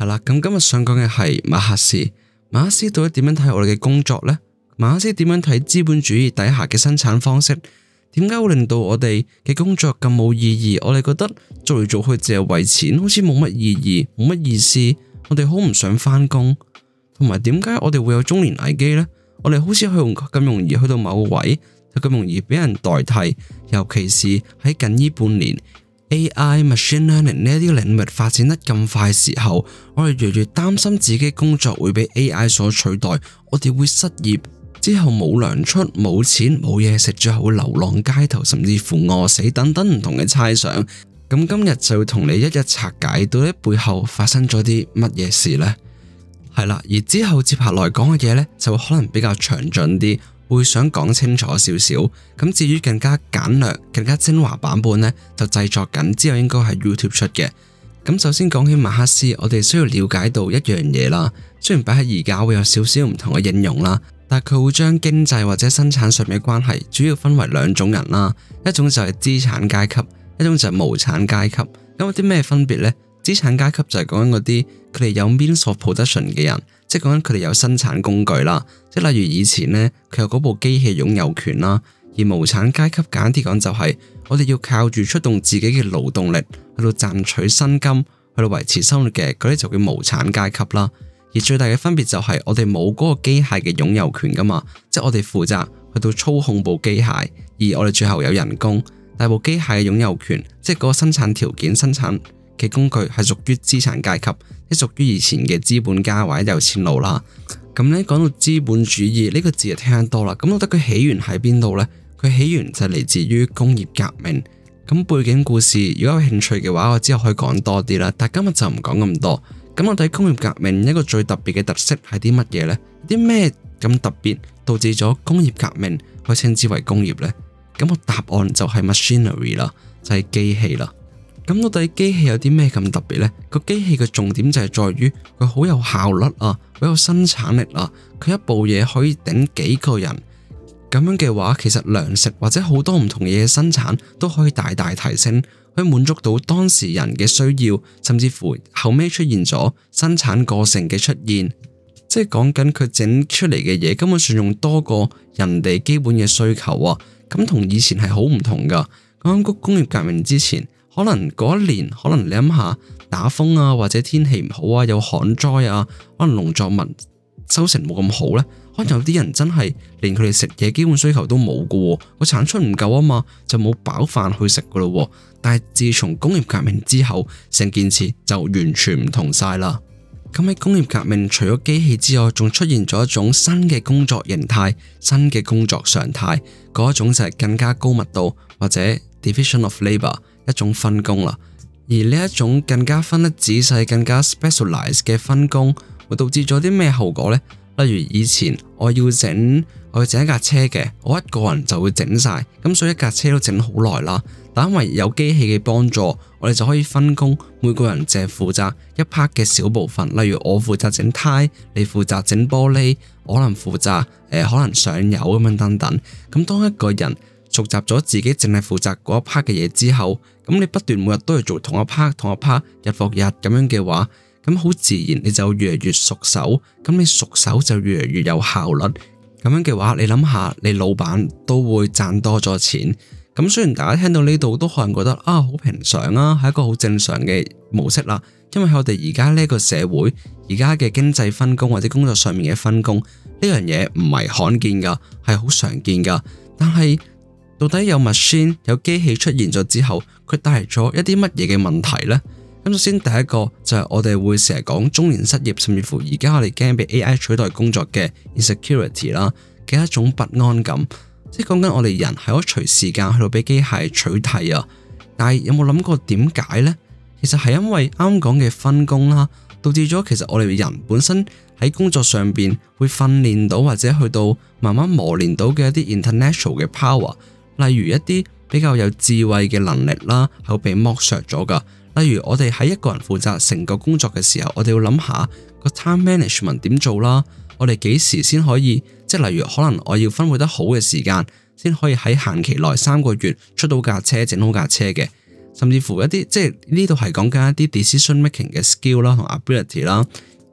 係啦，咁今日想講嘅係馬克思。馬克思到底點樣睇我哋嘅工作呢？馬克思點樣睇資本主義底下嘅生產方式？點解會令到我哋嘅工作咁冇意義？我哋覺得做嚟做去淨係為錢，好似冇乜意義，冇乜意思。我哋好唔想翻工，同埋點解我哋會有中年危機呢？我哋好似去咁容易去到某個位，就咁容易俾人代替，尤其是喺近呢半年。A.I. machine learning 呢啲領域發展得咁快嘅時候，我哋越越擔心自己工作會俾 A.I. 所取代，我哋會失業之後冇糧出、冇錢、冇嘢食，最後會流浪街頭，甚至乎餓死等等唔同嘅猜想。咁今日就同你一一拆解，到底背後發生咗啲乜嘢事呢？係啦，而之後接下來講嘅嘢呢，就可能比較詳盡啲。會想講清楚少少，咁至於更加簡略、更加精華版本呢，就製作緊，之後應該係 YouTube 出嘅。咁首先講起馬克思，我哋需要了解到一樣嘢啦。雖然擺喺而家會有少少唔同嘅應用啦，但係佢會將經濟或者生產上面嘅關係主要分為兩種人啦。一種就係資產階級，一種就係無產階級。咁有啲咩分別呢？資產階級就係講緊嗰啲佢哋有 means of production 嘅人，即係講緊佢哋有生產工具啦。即係例如以前呢，佢有部機器擁有權啦，而無產階級簡啲講就係我哋要靠住出動自己嘅勞動力去到賺取薪金，去到維持生活嘅，嗰啲就叫無產階級啦。而最大嘅分別就係我哋冇嗰個機械嘅擁有權噶嘛，即係我哋負責去到操控部機械，而我哋最後有人工，但係部機械嘅擁有權，即係嗰個生產條件生產嘅工具係屬於資產階級，即屬於以前嘅資本家或者有錢佬啦。咁咧講到資本主義呢個字就聽得多啦。咁我覺得佢起源喺邊度呢？佢起源就係嚟自於工業革命。咁背景故事，如果有興趣嘅話，我之後可以講多啲啦。但係今日就唔講咁多。咁我睇工業革命一個最特別嘅特色係啲乜嘢呢？啲咩咁特別導致咗工業革命可以稱之為工業呢？咁個答案就係 machinery 啦，就係機器啦。咁到底機器有啲咩咁特別呢？個機器嘅重點就係在於佢好有效率啊，好有生產力啊。佢一部嘢可以頂幾個人咁樣嘅話，其實糧食或者好多唔同嘢嘅生產都可以大大提升，可以滿足到當時人嘅需要，甚至乎後尾出現咗生產過剩嘅出現，即係講緊佢整出嚟嘅嘢，根本上用多過人哋基本嘅需求啊。咁同以前係好唔同噶。講緊工業革命之前。可能嗰一年，可能你諗下打風啊，或者天氣唔好啊，有旱災啊，可能農作物收成冇咁好呢。可能有啲人真係連佢哋食嘢基本需求都冇噶喎，個產出唔夠啊嘛，就冇飽飯去食噶咯。但係自從工業革命之後，成件事就完全唔同晒啦。咁喺工業革命除咗機器之外，仲出現咗一種新嘅工作形態、新嘅工作常態，嗰一種就係更加高密度或者 division of labour。一種分工啦，而呢一種更加分得仔細、更加 specialize 嘅分工，會導致咗啲咩後果呢？例如以前我要整我要整一架車嘅，我一個人就會整晒，咁所以一架車都整好耐啦。但因為有機器嘅幫助，我哋就可以分工，每個人淨係負責一 part 嘅小部分。例如我負責整胎，你負責整玻璃，我可能負責、呃、可能上油咁樣等等。咁當一個人熟習咗自己淨係負責嗰一 part 嘅嘢之後，咁你不斷每日都係做同一 part 同一 part 日復日咁樣嘅話，咁好自然你就越嚟越熟手，咁你熟手就越嚟越有效率。咁樣嘅話，你諗下，你老闆都會賺多咗錢。咁雖然大家聽到呢度都可能覺得啊，好平常啊，係一個好正常嘅模式啦。因為喺我哋而家呢個社會，而家嘅經濟分工或者工作上面嘅分工呢樣嘢唔係罕見噶，係好常見噶，但係。到底有 machine 有機器出現咗之後，佢帶嚟咗一啲乜嘢嘅問題呢？咁首先第一個就係、是、我哋會成日講中年失業，甚至乎而家我哋驚俾 AI 取代工作嘅 insecurity 啦嘅一種不安感，即係講緊我哋人係可以隨時間去到俾機械取替啊。但係有冇諗過點解呢？其實係因為啱講嘅分工啦，導致咗其實我哋人本身喺工作上邊會訓練到或者去到慢慢磨練到嘅一啲 international 嘅 power。例如一啲比較有智慧嘅能力啦，係會被剝削咗㗎。例如我哋喺一個人負責成個工作嘅時候，我哋要諗下個 time management 點做啦。我哋幾時先可以？即係例如可能我要分配得好嘅時間，先可以喺限期內三個月出到架車，整好架車嘅。甚至乎一啲即係呢度係講緊一啲 decision making 嘅 skill 啦，同 ability 啦，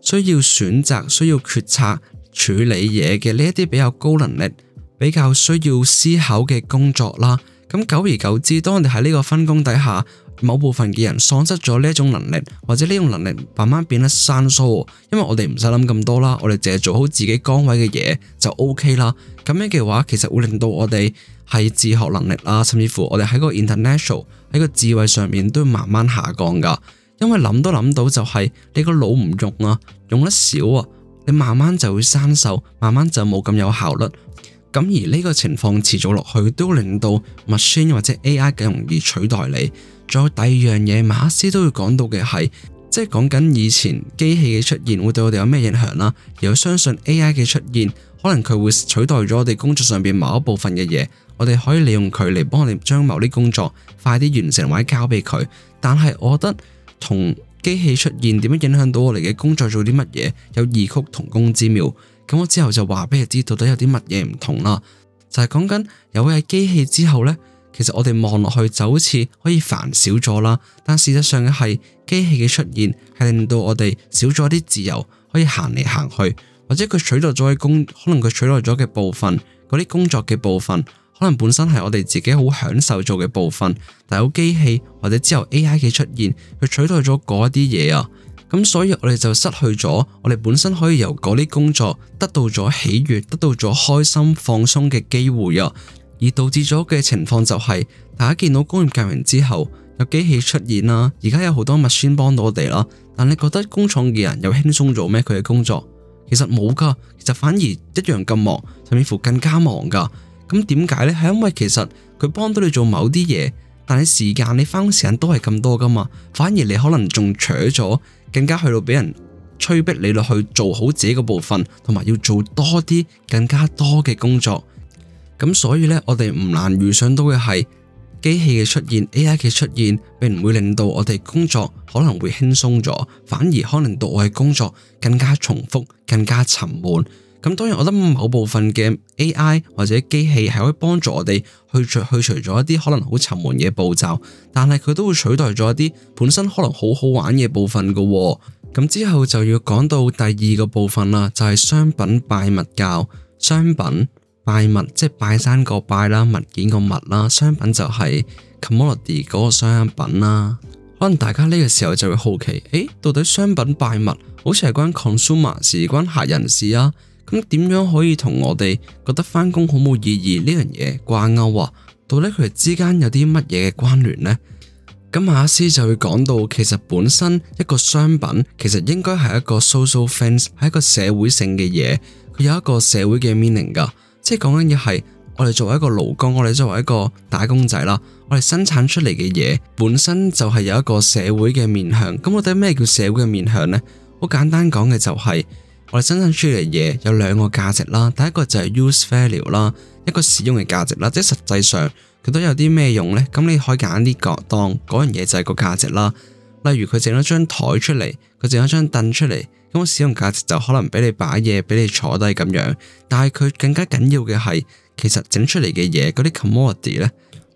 需要選擇、需要決策、處理嘢嘅呢一啲比較高能力。比較需要思考嘅工作啦，咁久而久之，當我哋喺呢個分工底下，某部分嘅人喪失咗呢種能力，或者呢種能力慢慢變得生疏，因為我哋唔使諗咁多啦，我哋淨係做好自己崗位嘅嘢就 OK 啦。咁樣嘅話，其實會令到我哋係自學能力啦，甚至乎我哋喺個 international 喺個智慧上面都要慢慢下降噶因為諗都諗到就係你個腦唔用啊，用得少啊，你慢慢就會生銹，慢慢就冇咁有效率。咁而呢個情況持續落去，都令到 machine 或者 AI 更容易取代你。仲有第二樣嘢，馬克思都會講到嘅係，即係講緊以前機器嘅出現會對我哋有咩影響啦。而相信 AI 嘅出現，可能佢會取代咗我哋工作上邊某一部分嘅嘢。我哋可以利用佢嚟幫我哋將某啲工作快啲完成，或者交俾佢。但係我覺得同機器出現點樣影響到我哋嘅工作做啲乜嘢，有異曲同工之妙。咁我之後就話俾你知到底有啲乜嘢唔同啦，就係講緊有嘅機器之後呢，其實我哋望落去就好似可以煩少咗啦，但事實上嘅係機器嘅出現係令到我哋少咗啲自由可以行嚟行去，或者佢取代咗嘅工，可能佢取代咗嘅部分，嗰啲工作嘅部分，可能本身係我哋自己好享受做嘅部分，但有機器或者之後 AI 嘅出現，佢取代咗嗰一啲嘢啊。咁所以我哋就失去咗，我哋本身可以由嗰啲工作得到咗喜悅，得到咗開心、放鬆嘅機會啊！而導致咗嘅情況就係、是，大家見到工業革命之後，有機器出現啦、啊，而家有好多 machine 幫到我哋啦。但你覺得工廠嘅人又輕鬆咗咩？佢嘅工作其實冇噶，其實反而一樣咁忙，甚至乎更加忙噶。咁點解呢？係因為其實佢幫到你做某啲嘢，但係時間你翻工時間都係咁多噶嘛，反而你可能仲除咗。更加去到俾人催逼你落去做好自己嘅部分，同埋要做多啲更加多嘅工作。咁所以呢，我哋唔難預想到嘅係，機器嘅出現、AI 嘅出現，並唔會令到我哋工作可能會輕鬆咗，反而可能令到我哋工作更加重複、更加沉悶。咁當然，我覺得某部分嘅 AI 或者機器係可以幫助我哋去除去除咗一啲可能好沉悶嘅步驟，但係佢都會取代咗一啲本身可能好好玩嘅部分㗎喎。咁之後就要講到第二個部分啦，就係商品拜物教。商品拜物即係拜山個拜啦，物件個物啦，商品就係 commodity 嗰個商品啦。可能大家呢個時候就會好奇，誒，到底商品拜物好似係關 consumer 事關客人事啊？咁點樣可以同我哋覺得翻工好冇意義呢樣嘢掛鈎啊？到底佢哋之間有啲乜嘢嘅關聯呢？咁馬克思就會講到，其實本身一個商品其實應該係一個 social f h i n g s 係一個社會性嘅嘢，佢有一個社會嘅 meaning 噶，即係講緊嘅係我哋作為一個勞工，我哋作為一個打工仔啦，我哋生產出嚟嘅嘢本身就係有一個社會嘅面向。咁我哋咩叫社會嘅面向呢？好簡單講嘅就係、是。我哋生產出嚟嘅嘢有兩個價值啦，第一個就係 use value 啦，一個使用嘅價值啦，即係實際上佢都有啲咩用呢？咁你可以揀啲角當嗰樣嘢就係個價值啦。例如佢整咗張台出嚟，佢整咗張凳出嚟，咁使用價值就可能俾你擺嘢，俾你坐低咁樣。但係佢更加緊要嘅係，其實整出嚟嘅嘢嗰啲 commodity 呢。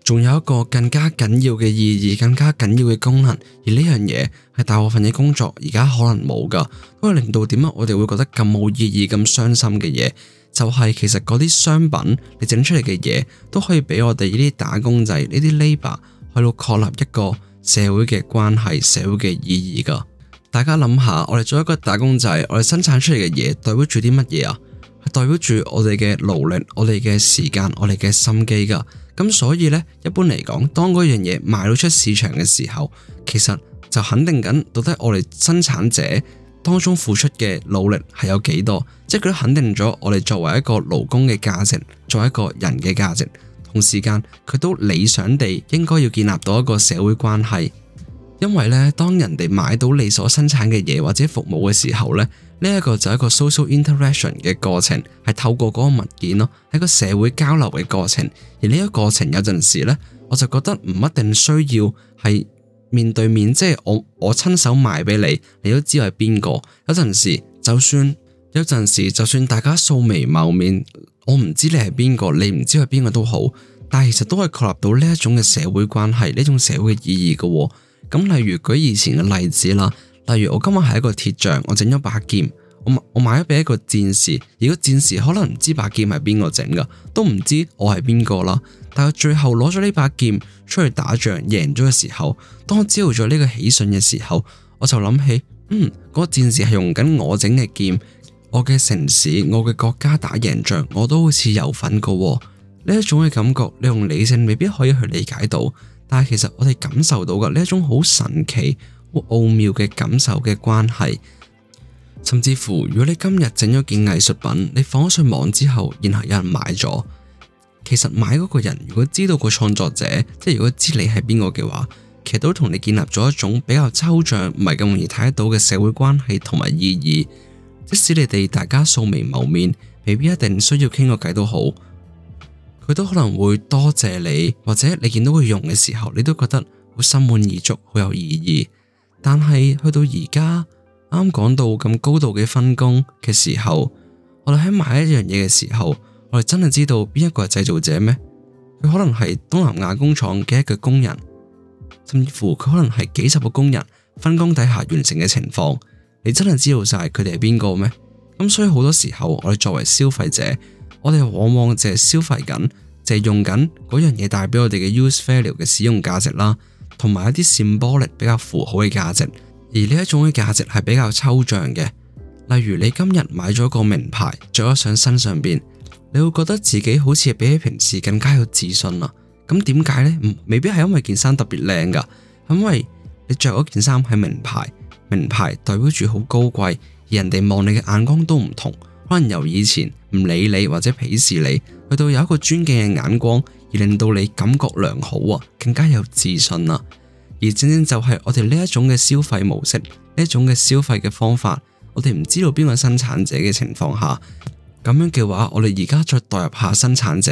仲有一個更加緊要嘅意義，更加緊要嘅功能，而呢樣嘢係大部分嘅工作而家可能冇噶，都係令到點解我哋會覺得咁冇意義、咁傷心嘅嘢，就係、是、其實嗰啲商品你整出嚟嘅嘢，都可以俾我哋呢啲打工仔呢啲 labour 去到確立一個社會嘅關係、社會嘅意義噶。大家諗下，我哋做一個打工仔，我哋生產出嚟嘅嘢對得住啲乜嘢啊？代表住我哋嘅勞力、我哋嘅時間、我哋嘅心機㗎。咁所以呢，一般嚟講，當嗰樣嘢賣到出市場嘅時候，其實就肯定緊到底我哋生產者當中付出嘅努力係有幾多，即係佢都肯定咗我哋作為一個勞工嘅價值，作為一個人嘅價值，同時間佢都理想地應該要建立到一個社會關係，因為呢，當人哋買到你所生產嘅嘢或者服務嘅時候呢。呢一個就係一個 social interaction 嘅過程，係透過嗰個物件咯，喺個社會交流嘅過程。而呢一個過程有陣時呢，我就覺得唔一定需要係面對面，即係我我親手賣俾你，你都知我係邊個。有陣時就算有陣時就算大家素未謀面，我唔知你係邊個，你唔知係邊個都好，但係其實都係確立到呢一種嘅社會關係，呢種社會嘅意義噶。咁例如舉以前嘅例子啦。例如我今日係一個鐵匠，我整咗把劍，我我買咗俾一個戰士。如果戰士可能唔知把劍係邊個整噶，都唔知我係邊個啦。但係最後攞咗呢把劍出去打仗，贏咗嘅時候，當我知道咗呢個喜訊嘅時候，我就諗起，嗯，嗰個戰士係用緊我整嘅劍，我嘅城市，我嘅國家打贏仗，我都好似有份噶喎。呢一種嘅感覺，你用理性未必可以去理解到，但係其實我哋感受到噶呢一種好神奇，奧妙嘅感受嘅關係，甚至乎，如果你今日整咗件藝術品，你放咗上網之後，然後有人買咗，其實買嗰個人如果知道個創作者，即係如果知你係邊個嘅話，其實都同你建立咗一種比較抽象，唔係咁容易睇得到嘅社會關係同埋意義。即使你哋大家素未謀面，未必一定需要傾個偈都好，佢都可能會多謝、謝你，或者你見到佢用嘅時候，你都覺得好心滿意足，好有意義。但係去到而家啱講到咁高度嘅分工嘅時候，我哋喺買一樣嘢嘅時候，我哋真係知道邊一個係製造者咩？佢可能係東南亞工廠嘅一個工人，甚至乎佢可能係幾十個工人分工底下完成嘅情況，你真係知道晒佢哋係邊個咩？咁所以好多時候我哋作為消費者，我哋往往淨係消費緊，淨係用緊嗰樣嘢帶俾我哋嘅 use value 嘅使用價值啦。同埋一啲 symbolic 比較符號嘅價值，而呢一種嘅價值係比較抽象嘅。例如你今日買咗個名牌，着咗上身上邊，你會覺得自己好似比起平時更加有自信啊。咁點解呢？未必係因為件衫特別靚噶，因為你着嗰件衫係名牌，名牌代表住好高貴，而人哋望你嘅眼光都唔同，可能由以前唔理你或者鄙視你，去到有一個尊敬嘅眼光。而令到你感覺良好啊，更加有自信啊。而正正就係我哋呢一種嘅消費模式，呢一種嘅消費嘅方法。我哋唔知道邊個生產者嘅情況下，咁樣嘅話，我哋而家再代入下生產者，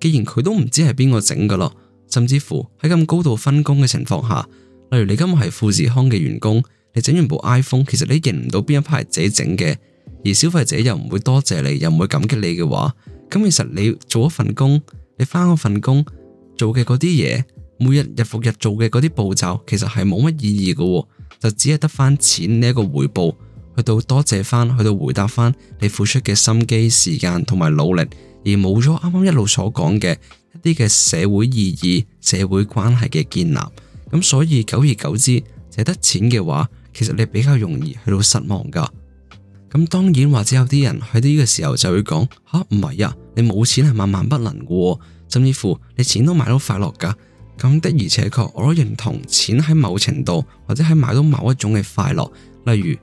既然佢都唔知係邊個整噶咯，甚至乎喺咁高度分工嘅情況下，例如你今日係富士康嘅員工，你整完部 iPhone，其實你認唔到邊一批係自己整嘅，而消費者又唔會多謝你，又唔會感激你嘅話，咁其實你做一份工。你返嗰份工做嘅嗰啲嘢，每日日復日做嘅嗰啲步驟，其實係冇乜意義嘅，就只係得返錢呢一個回報，去到多謝返，去到回答返你付出嘅心機、時間同埋努力，而冇咗啱啱一路所講嘅一啲嘅社會意義、社會關係嘅建立，咁所以久而久之，淨係得錢嘅話，其實你比較容易去到失望㗎。咁當然或者有啲人喺呢個時候就會講吓，唔係啊，你冇錢係萬萬不能嘅，甚至乎你錢都買到快樂噶。咁的而且確，我都認同錢喺某程度或者係買到某一種嘅快樂，例如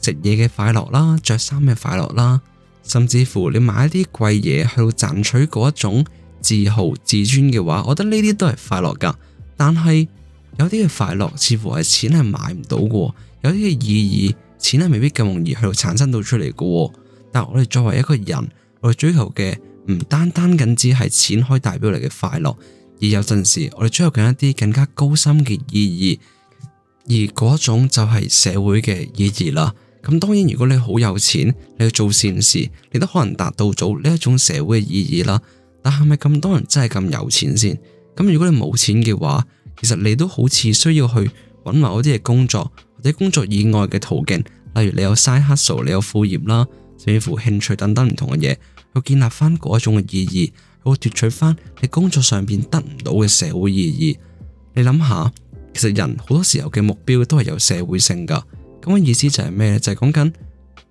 食嘢嘅快樂啦、着衫嘅快樂啦，甚至乎你買一啲貴嘢去到賺取嗰一種自豪、自尊嘅話，我覺得呢啲都係快樂噶。但係有啲嘅快樂似乎係錢係買唔到嘅，有啲嘅意義。錢係未必咁容易喺度產生到出嚟㗎，但係我哋作為一個人，我哋追求嘅唔單單僅止係錢可以帶俾我哋嘅快樂，而有陣時我哋追求緊一啲更加高深嘅意義，而嗰種就係社會嘅意義啦。咁當然，如果你好有錢，你去做善事，你都可能達到咗呢一種社會嘅意義啦。但係咪咁多人真係咁有錢先？咁如果你冇錢嘅話，其實你都好似需要去揾埋嗰啲嘅工作。喺工作以外嘅途徑，例如你有 side hustle 你有副業啦，甚至乎興趣等等唔同嘅嘢，去建立翻嗰一種嘅意義，去奪取翻你工作上邊得唔到嘅社會意義。你諗下，其實人好多時候嘅目標都係有社會性噶。咁嘅意思就係咩咧？就係講緊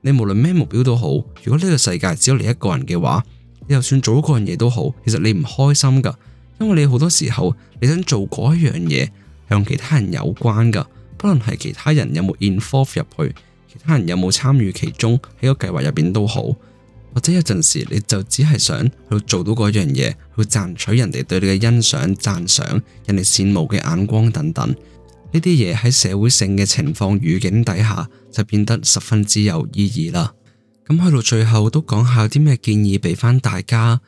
你無論咩目標都好，如果呢個世界只有你一個人嘅話，你就算做嗰樣嘢都好，其實你唔開心噶，因為你好多時候你想做嗰一樣嘢係同其他人有關噶。可能係其他人有冇 involve 入去，其他人有冇參與其中喺個計劃入邊都好，或者有陣時你就只係想去做到嗰樣嘢，去賺取人哋對你嘅欣賞、讚賞、人哋羨慕嘅眼光等等，呢啲嘢喺社會性嘅情況語境底下就變得十分之有意義啦。咁去到最後都講下有啲咩建議俾翻大家。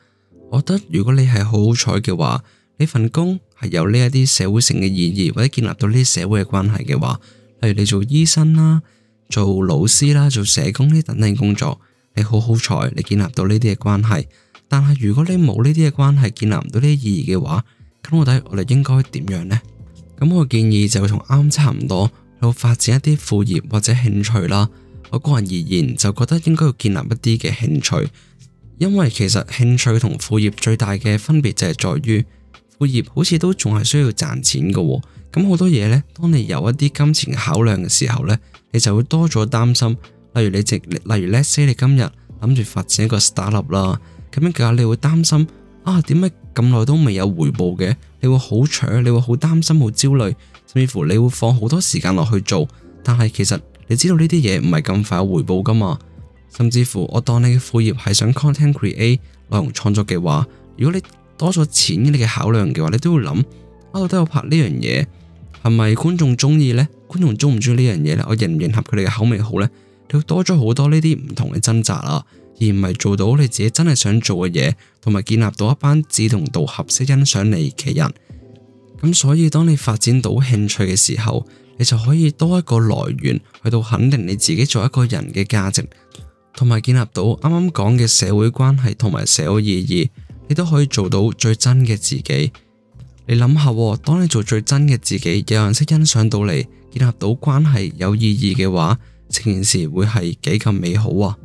我覺得如果你係好好彩嘅話，你份工。係有呢一啲社會性嘅意義或者建立到呢啲社會嘅關係嘅話，例如你做醫生啦、做老師啦、做社工呢等等工作，你好好彩，你建立到呢啲嘅關係。但係如果你冇呢啲嘅關係，建立唔到呢啲意義嘅話，咁我睇我哋應該點樣呢？咁我建議就同啱啱差唔多，去發展一啲副業或者興趣啦。我個人而言就覺得應該要建立一啲嘅興趣，因為其實興趣同副業最大嘅分別就係在於。副業好似都仲係需要賺錢噶喎，咁好多嘢呢，當你有一啲金錢考量嘅時候呢，你就會多咗擔心。例如你，例如 let's say 你今日諗住發展一個 startup 啦，咁樣嘅話，你會擔心啊，點解咁耐都未有回報嘅？你會好搶，你會好擔心、好焦慮，甚至乎你會放好多時間落去做。但係其實你知道呢啲嘢唔係咁快有回報噶嘛？甚至乎我當你嘅副業係想 content create 內容創作嘅話，如果你多咗錢你嘅考量嘅話，你都要諗，哦，我都有拍呢樣嘢係咪觀眾中意呢？觀眾中唔中意呢樣嘢咧？我迎唔迎合佢哋嘅口味好呢？你會多咗好多呢啲唔同嘅掙扎啦，而唔係做到你自己真係想做嘅嘢，同埋建立到一班志同道合識欣賞你嘅人。咁所以當你發展到興趣嘅時候，你就可以多一個來源去到肯定你自己做一個人嘅價值，同埋建立到啱啱講嘅社會關係同埋社會意義。你都可以做到最真嘅自己。你諗下，當你做最真嘅自己，有人識欣賞到你，建立到關係有意義嘅話，成件事會係幾咁美好啊！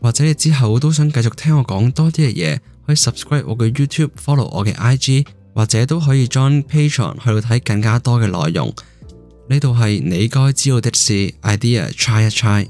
或者你之後都想繼續聽我講多啲嘅嘢，可以 subscribe 我嘅 YouTube，follow 我嘅 IG，或者都可以 join Patreon 去到睇更加多嘅內容。呢度係你該知道的事，idea try 一 try。